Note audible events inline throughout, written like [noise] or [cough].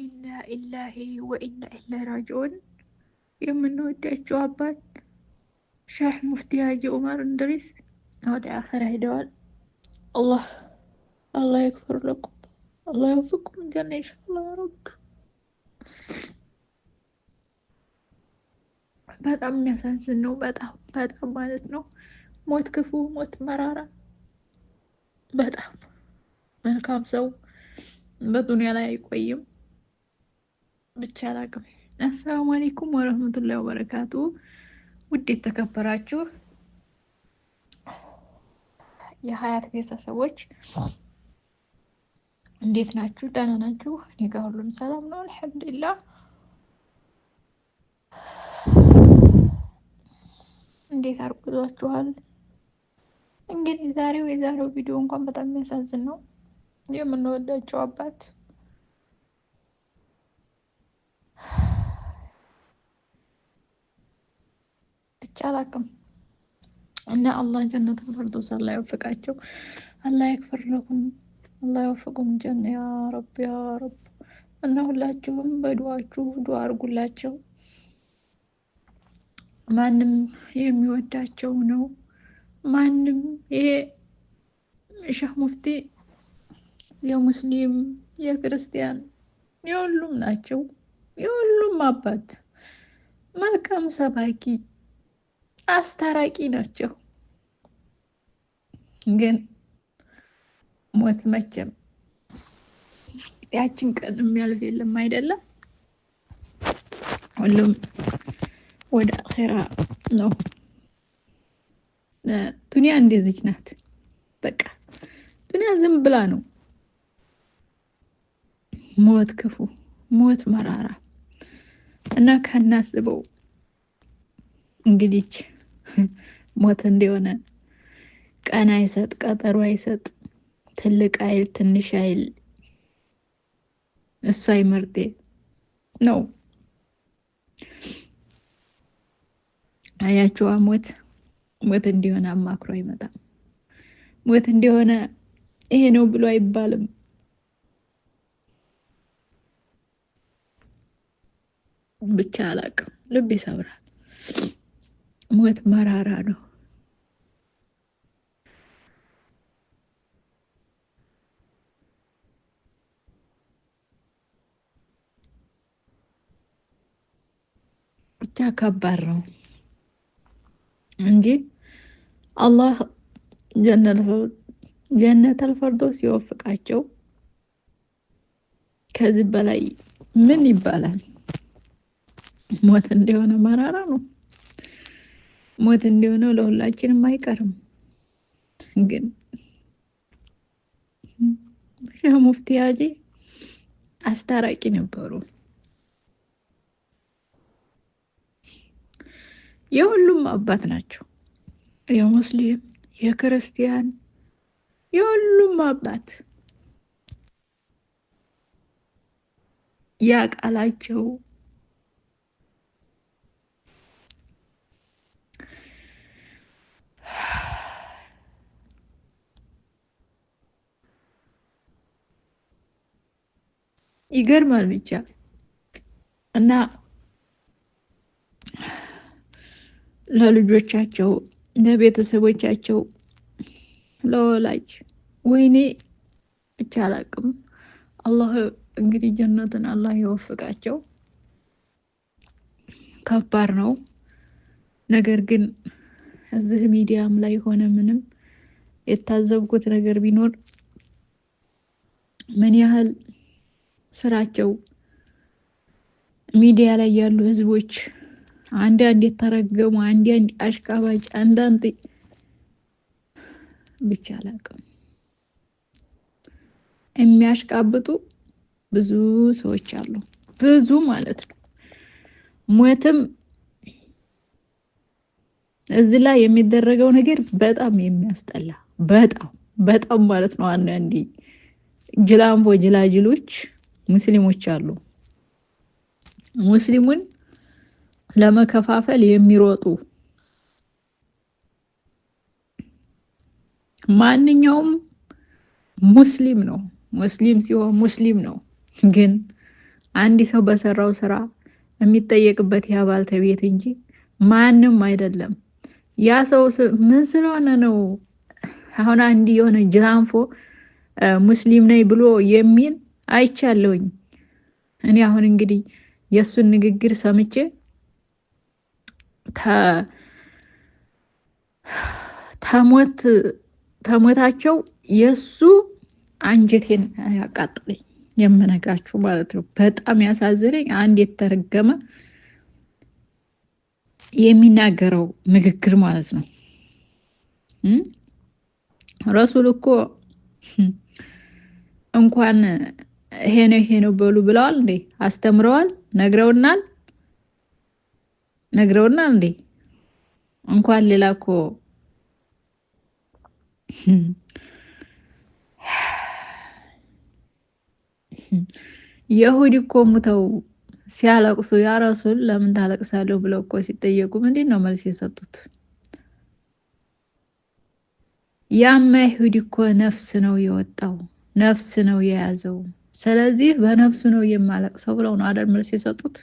ኢና ኢላሂ ወኢና ኢላሂ ራጅዑን። የምንወዳቸው አባት ሻህ ሙፍቲ ሀጂ ኡመር እንድሪስ ወደ አኸራ ሄደዋል። አላህ አላህ ይክፍር ለኩም አላህ ይወፍቅኩም ጀና ኢንሻአላህ ረብ። በጣም የሚያሳዝን ነው። በጣም በጣም ማለት ነው። ሞት ክፉ፣ ሞት መራራ። በጣም መልካም ሰው በዱንያ ላይ አይቆይም። ብቻ አላቅም። አሰላሙ አሌይኩም ወረህመቱላሂ ወበረካቱ። ውዴት ተከበራችሁ የሀያት ቤተሰቦች እንዴት ናችሁ? ደህና ናችሁ? እኔ ጋር ሁሉም ሰላም ነው አልሐምዱሊላህ። እንዴት አርጉዟችኋል? እንግዲህ ዛሬው የዛሬው ቪዲዮ እንኳን በጣም የሚያሳዝን ነው። የምንወዳቸው አባት አላቅም እና አላህ ጀነት ፊርደውስ አላህ ይወፍቃቸው፣ አላህ ያክፍር ለሁም፣ አላህ ያወፍቁም ጀነ ያ ረብ ያ ረብ። እና ሁላችሁም በዱዋችሁ ዱዋ አድርጉላቸው። ማንም የሚወዳቸው ነው። ማንም ይሄ ሸህ ሙፍቲ የሙስሊም የክርስቲያን የሁሉም ናቸው። የሁሉም አባት መልካም ሰባኪ አስታራቂ ናቸው። ግን ሞት መቼም ያችን ቀን የሚያልፍ የለም አይደለም። ሁሉም ወደ አኼራ ነው። ዱኒያ እንደዚች ናት። በቃ ዱኒያ ዝም ብላ ነው። ሞት ክፉ፣ ሞት መራራ እና ከናስበው ። እንግዲች ሞት እንደሆነ ቀን አይሰጥ፣ ቀጠሮ አይሰጥ፣ ትልቅ አይል፣ ትንሽ አይል፣ እሱ አይመርጤ ነው። አያችዋ ሞት ሞት እንዲሆነ አማክሮ አይመጣም። ሞት እንዲሆነ ይሄ ነው ብሎ አይባልም። ብቻ አላቅም፣ ልብ ይሰብራል። ሞት መራራ ነው። ብቻ ከባድ ነው እንጂ አላህ ጀነተል ፈርዶስ ሲወፍቃቸው ከዚህ በላይ ምን ይባላል? ሞት እንደሆነ መራራ ነው። ሞት እንዲሆነው ለሁላችንም አይቀርም። ግን ሙፍቲ ሀጂ አስታራቂ ነበሩ። የሁሉም አባት ናቸው። የሙስሊም፣ የክርስቲያን፣ የሁሉም አባት ያ ቃላቸው ይገርማል ብቻ እና ለልጆቻቸው ለቤተሰቦቻቸው ለወላጅ ወይኔ ብቻ አላቅም። አላህ እንግዲህ ጀነትን አላህ የወፍቃቸው። ከባድ ነው። ነገር ግን እዚህ ሚዲያም ላይ ሆነ ምንም የታዘብኩት ነገር ቢኖር ምን ያህል ስራቸው ሚዲያ ላይ ያሉ ህዝቦች አንዳንድ የተረገሙ፣ አንዳንድ አሽቃባጭ፣ አንዳንድ ብቻ አላውቅም የሚያሽቃብጡ ብዙ ሰዎች አሉ። ብዙ ማለት ነው። ሞትም እዚህ ላይ የሚደረገው ነገር በጣም የሚያስጠላ በጣም በጣም ማለት ነው። አንዳንዴ ጅላምቦ ጅላጅሎች ሙስሊሞች አሉ። ሙስሊሙን ለመከፋፈል የሚሮጡ ማንኛውም ሙስሊም ነው። ሙስሊም ሲሆን ሙስሊም ነው። ግን አንድ ሰው በሰራው ስራ የሚጠየቅበት የአባልተ ቤት እንጂ ማንም አይደለም። ያ ሰው ምን ስለሆነ ነው? አሁን አንድ የሆነ ጅላንፎ ሙስሊም ነኝ ብሎ የሚል አይቻለሁኝ። እኔ አሁን እንግዲህ የእሱን ንግግር ሰምቼ ተሞት ተሞታቸው የእሱ አንጀቴን ያቃጥለኝ የምነግራችሁ ማለት ነው። በጣም ያሳዝነኝ አንድ የተረገመ የሚናገረው ንግግር ማለት ነው። ረሱል እኮ እንኳን ይሄ ነው ይሄ ነው በሉ ብለዋል እንዴ? አስተምረዋል? ነግረውናል ነግረውናል እንዴ? እንኳን ሌላ እኮ የሁዲ እኮ ሙተው ሲያለቅሱ ያ ረሱል ለምን ታለቅሳለሁ ብለው እኮ ሲጠየቁ ምንድን ነው መልስ የሰጡት? ያማ ይሁድ እኮ ነፍስ ነው የወጣው ነፍስ ነው የያዘው ስለዚህ በነፍሱ ነው የማለቅሰው ብለው ነው አደር መልስ የሰጡት።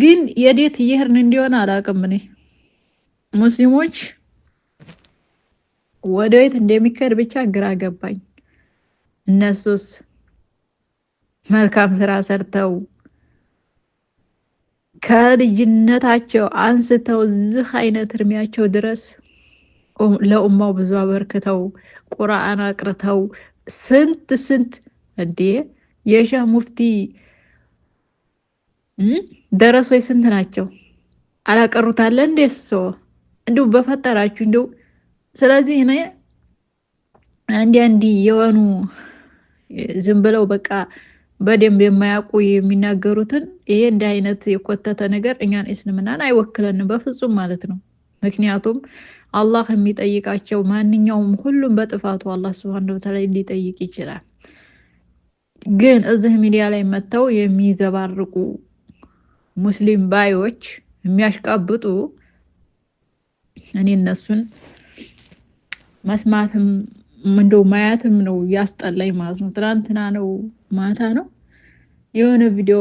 ግን የዴት እየሄድን እንዲሆን አላውቅም። እኔ ሙስሊሞች ወደ ቤት እንደሚካሄድ ብቻ ግራ ገባኝ። እነሱስ መልካም ስራ ሰርተው ከልጅነታቸው አንስተው እዚህ አይነት እድሜያቸው ድረስ ለኡማው ብዙ አበርክተው ቁርአን አቅርተው ስንት ስንት እንዴ የሻ ሙፍቲ ደረስ ወይ ስንት ናቸው አላቀሩታለ እንዴ ሰው እንዲሁ በፈጠራችሁ እንዲሁ ስለዚህ እኔ አንዲ አንዲ የሆኑ ዝም ብለው በቃ በደንብ የማያውቁ የሚናገሩትን ይሄ እንዲህ አይነት የኮተተ ነገር እኛን እስልምናን አይወክለንም በፍጹም ማለት ነው ምክንያቱም አላህ የሚጠይቃቸው ማንኛውም ሁሉም በጥፋቱ አላህ ስብሃነ ወተዓላ ሊጠይቅ ይችላል። ግን እዚህ ሚዲያ ላይ መጥተው የሚዘባርቁ ሙስሊም ባዮች የሚያሽቃብጡ እኔ እነሱን መስማትም እንደው ማያትም ነው ያስጠላኝ ማለት ነው። ትናንትና ነው ማታ ነው የሆነ ቪዲዮ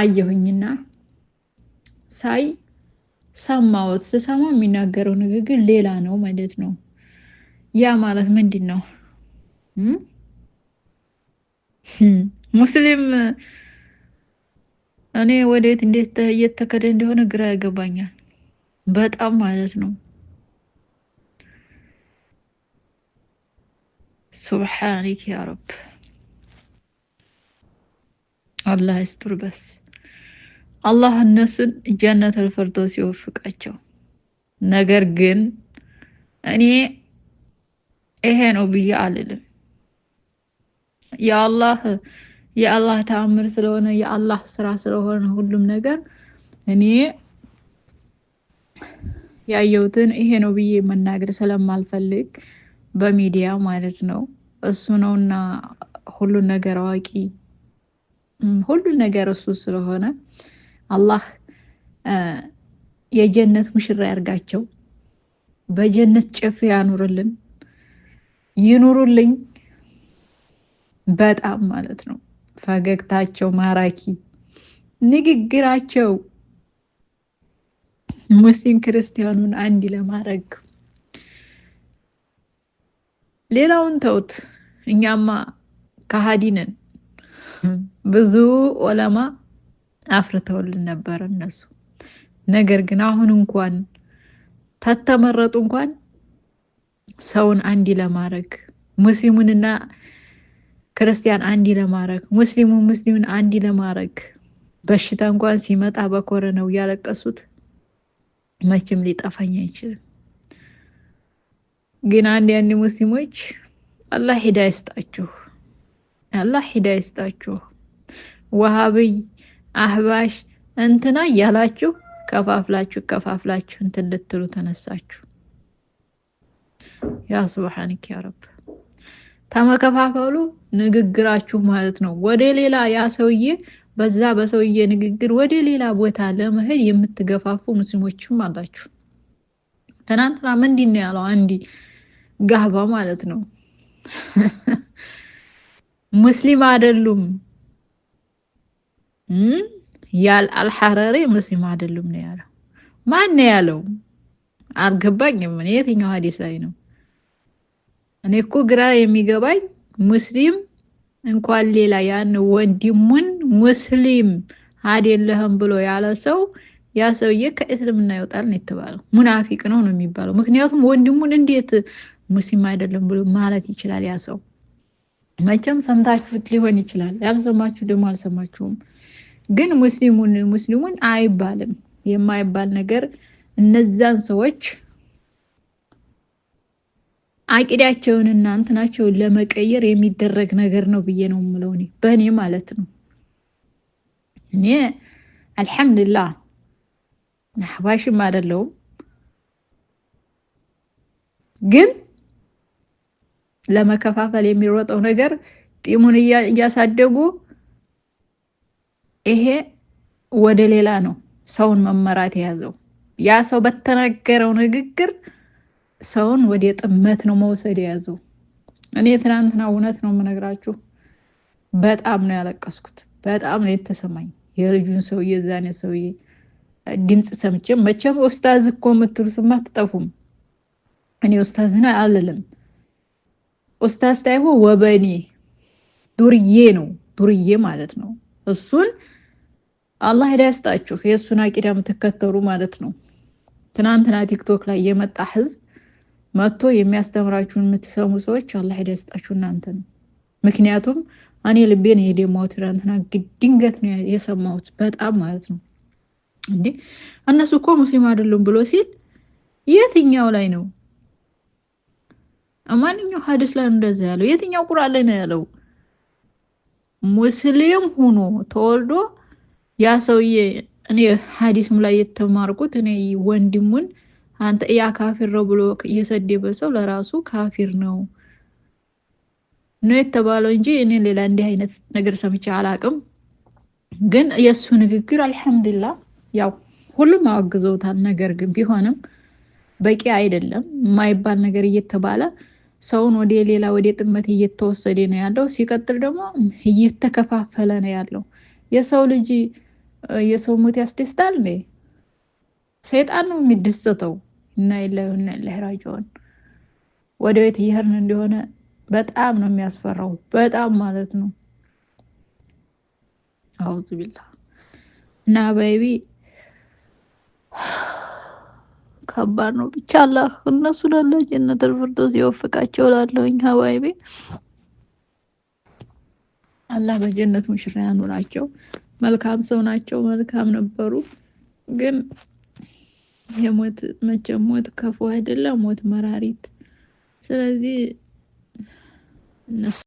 አየሁኝና ሳይ ሰማሁት። ስሰማ የሚናገረው ንግግር ሌላ ነው ማለት ነው። ያ ማለት ምንድን ነው? ሙስሊም እኔ ወዴት እንዴት እየተከደ እንደሆነ ግራ ያገባኛል በጣም ማለት ነው። ሱብሓኒክ ያ ረብ አላህ ይስጥር በስ አላህ እነሱን ጀነት ፊርደውስ ሲወፍቃቸው ነገር ግን እኔ ይሄ ነው ብዬ አልልም። የአላህ የአላህ ተአምር ስለሆነ የአላህ ስራ ስለሆነ ሁሉም ነገር እኔ ያየሁትን ይሄ ነው ብዬ መናገር ስለማልፈልግ በሚዲያ ማለት ነው። እሱ ነውና ሁሉን ነገር አዋቂ ሁሉን ነገር እሱ ስለሆነ አላህ የጀነት ሙሽራ ያርጋቸው፣ በጀነት ጭፍ ያኑርልን፣ ይኑሩልኝ። በጣም ማለት ነው ፈገግታቸው ማራኪ፣ ንግግራቸው ሙስሊም ክርስቲያኑን አንድ ለማድረግ ሌላውን ተውት። እኛማ ከሃዲ ነን። ብዙ ዑለማ አፍርተውልን ነበር እነሱ። ነገር ግን አሁን እንኳን ተተመረጡ እንኳን ሰውን አንዲ ለማድረግ ሙስሊሙንና ክርስቲያን አንዲ ለማድረግ ሙስሊሙ ሙስሊሙን አንዲ ለማድረግ በሽታ እንኳን ሲመጣ በኮረ ነው ያለቀሱት። መቼም ሊጠፋኝ አይችልም። ግን አንድ ያኒ ሙስሊሞች አላህ ሂዳ ይስጣችሁ፣ አላህ ሂዳ ይስጣችሁ። ወሃብይ አህባሽ እንትና እያላችሁ ከፋፍላችሁ ከፋፍላችሁ እንትን ልትሉ ተነሳችሁ። ያ ሱብሓንክ ያ ረብ። ተመከፋፈሉ ንግግራችሁ ማለት ነው። ወደ ሌላ ያ ሰውዬ በዛ በሰውዬ ንግግር ወደ ሌላ ቦታ ለመሄድ የምትገፋፉ ሙስሊሞችም አላችሁ። ትናንትና ምንድን ነው ያለው? አንዲ ጋህባ ማለት ነው [laughs] ሙስሊም አይደሉም ያል አልሐረሪ ሙስሊም አይደሉም ነው ያለው። ማን ነው ያለው? አልገባኝም። የትኛው ሀዲስ ላይ ነው? እኔ እኮ ግራ የሚገባኝ ሙስሊም እንኳን ሌላ ያን ወንድሙን ሙስሊም አይደለህም ብሎ ያለ ሰው ያ ሰውዬ ከእስልምና ይወጣል ነው የተባለው። ሙናፊቅ ነው ነው የሚባለው። ምክንያቱም ወንድሙን እንዴት ሙስሊም አይደለም ብሎ ማለት ይችላል? ያ ሰው መቼም ሰምታችሁት ሊሆን ይችላል። ያልሰማችሁ ደግሞ አልሰማችሁም። ግን ሙስሊሙን ሙስሊሙን አይባልም የማይባል ነገር እነዛን ሰዎች አቂዳቸውን እና እንትናቸውን ለመቀየር የሚደረግ ነገር ነው ብዬ ነው የምለው፣ እኔ በእኔ ማለት ነው። እኔ አልሐምዱሊላህ አህባሽም አይደለሁም፣ ግን ለመከፋፈል የሚሮጠው ነገር ጢሙን እያሳደጉ ይሄ ወደ ሌላ ነው ሰውን መመራት የያዘው። ያ ሰው በተናገረው ንግግር ሰውን ወደ ጥመት ነው መውሰድ የያዘው። እኔ ትናንትና እውነት ነው የምነግራችሁ፣ በጣም ነው ያለቀስኩት። በጣም ነው የተሰማኝ የልጁን ሰውዬ የዛኔ ሰውዬ ድምፅ ሰምቼ መቼም ኡስታዝ እኮ የምትሉትማ አትጠፉም። እኔ ኡስታዝና አልልም። ኡስታዝ ታይሆ ወበኔ ዱርዬ ነው ዱርዬ ማለት ነው። እሱን አላህ ሄዳ ያስጣችሁ፣ የእሱን አቂዳ የምትከተሉ ማለት ነው። ትናንትና ቲክቶክ ላይ የመጣ ህዝብ መጥቶ የሚያስተምራችሁን የምትሰሙ ሰዎች አላህ ሄዳ ያስጣችሁ እናንተ ነው። ምክንያቱም እኔ ልቤን ነው የደማሁት ትናንትና ድንገት ነው የሰማሁት፣ በጣም ማለት ነው። እንዴ እነሱ እኮ ሙስሊም አይደሉም ብሎ ሲል የትኛው ላይ ነው? ማንኛው ሀዲስ ላይ እንደዛ ያለው? የትኛው ቁርአን ላይ ነው ያለው? ሙስሊም ሆኖ ተወልዶ ያ ሰውዬ እኔ ሀዲስም ላይ የተማርኩት እኔ ወንድሙን አንተ ያ ካፊር ነው ብሎ የሰደበ ሰው ለራሱ ካፊር ነው ነው የተባለው እንጂ እኔ ሌላ እንዲህ አይነት ነገር ሰምቼ አላቅም። ግን የእሱ ንግግር አልሐምዱላ ያው ሁሉም አወግዘውታል። ነገር ግን ቢሆንም በቂ አይደለም የማይባል ነገር እየተባለ ሰውን ወደ ሌላ ወደ ጥመት እየተወሰደ ነው ያለው። ሲቀጥል ደግሞ እየተከፋፈለ ነው ያለው። የሰው ልጅ የሰው ሞት ያስደስታል ነ ሰይጣን ነው የሚደሰተው። እና የለና ለህራጅሆን ወደ ቤት እየሄድን እንደሆነ በጣም ነው የሚያስፈራው። በጣም ማለት ነው አውዙ ቢላ እና በይቢ ከባድ ነው። ብቻ አላህ እነሱ ለጀነት ልፍርዶስ ይወፍቃቸው ላለውኝ ሀባይቤ አላህ በጀነት ሙሽራ ያኑራቸው። መልካም ሰው ናቸው፣ መልካም ነበሩ። ግን የሞት መቼም ሞት ከፉ አይደለም፣ ሞት መራሪት። ስለዚህ እነሱ